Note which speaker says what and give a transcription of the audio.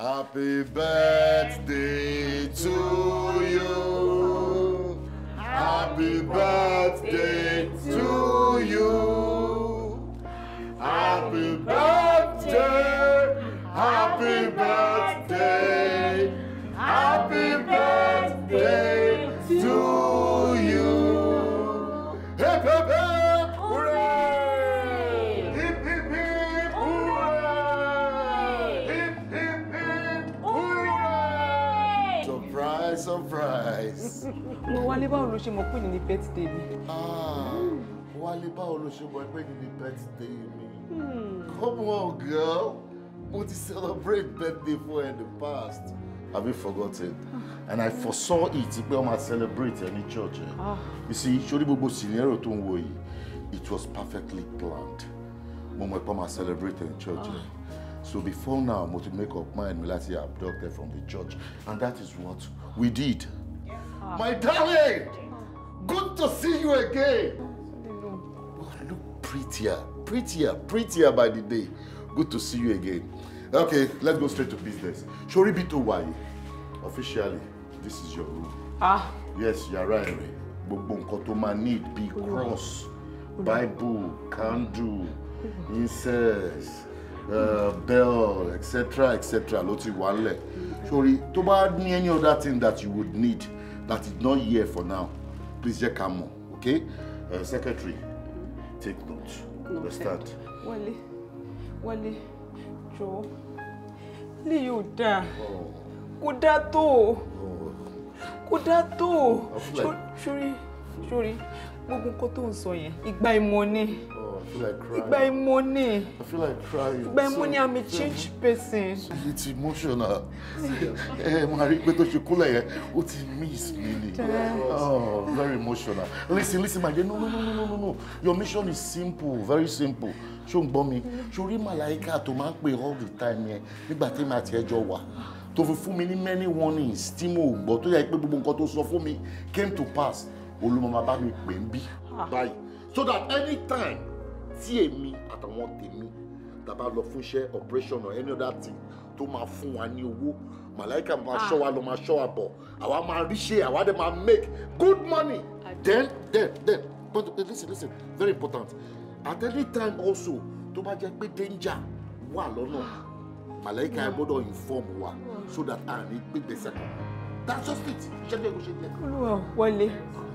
Speaker 1: Happy birthday to you. Happy birthday to you. Happy birthday. Happy birthday. Happy birthday to you. nice. mo wálé báwo ló ṣe mọ̀ pé ní birthday mi. Ah, wálé báwo ló ṣe mọ̀ pé ní birthday mi. come on girl mo ti celebrate birthday for in the past have you forgotten ah. and i foresaw it pé ọmọ celebrate ẹni church eh? ah. you see sórí gbogbo scenario tó ń wo yìí it was perfectly planned mo mọ̀ pé ọmọ celebrate ẹni church eh? So before now, mo ti make up mind mi láti abducted from the church, and that is what we did. My darling, good to see you again. Oh, look prettier, prettier, prettier by the day. Good to see you again. Okay, let's go straight to business. Shori B2Y, officially, this is your room. Ah. Yes, you are right. Gbogbo nǹkan tó máa need be cross, Bible, candle, incense, uh, bell, etc., etc. ló ti wà nílẹ̀. Mm. Shori, to bá ní any other thing that you would need, that is not here for now please jẹ́ ká mọ̀ okay uh, secretary take note no, understand. wọlé wọlé Joe, lè yóò dáa kò dáa tó o kò dáa to o sórí sórí gbogbo I feel like crying. Ìgbà imo I feel like crying. Ìgbà money, I'm a change person. It's emotional. Eh, máa rí pé tó ṣe kúnlẹ̀ yẹn, ó ti miss me Oh, very emotional. Listen, listen, my dear, no, no, no, no, no, no. Your mission is simple, very simple. Ṣó ń gbọ́ mi? Ṣorí màláìka tó máa ń all the time yẹn nígbà tí màá tiẹ̀ jọ wà tó fi many warnings timo, mo gbọ́ tó yẹ pé gbogbo nǹkan tó sọ came to pass olùmọ̀ máa bá mi pè ń ah. so that anytime tí èmi àtàwọn tèmi tàbá lọ fún iṣẹ́ operation or any other thing tó máa fún wa ní owó màláìka máa ah. ṣọ́ wa lọ máa ṣọ́ wa bọ̀ àwa máa ríṣẹ́ àwa dẹ̀ máa make good money then then then but listen listen very important at any time also tó bá jẹ́ pé danger wà lọ́nà màláìka ẹ gbọ́dọ̀ inform wa so that a ní gbégbèsè that's just it ṣẹ́gbẹ́ kò ṣe jẹ́. olúwa wọlé.